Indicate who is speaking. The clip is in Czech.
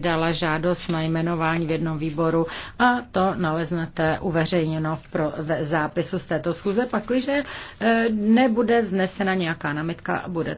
Speaker 1: dala žádost na jmenování v jednom výboru a to naleznete uveřejněno v, pro, v zápisu z této schůze, pakliže e, nebude vznesena nějaká
Speaker 2: námitka a bude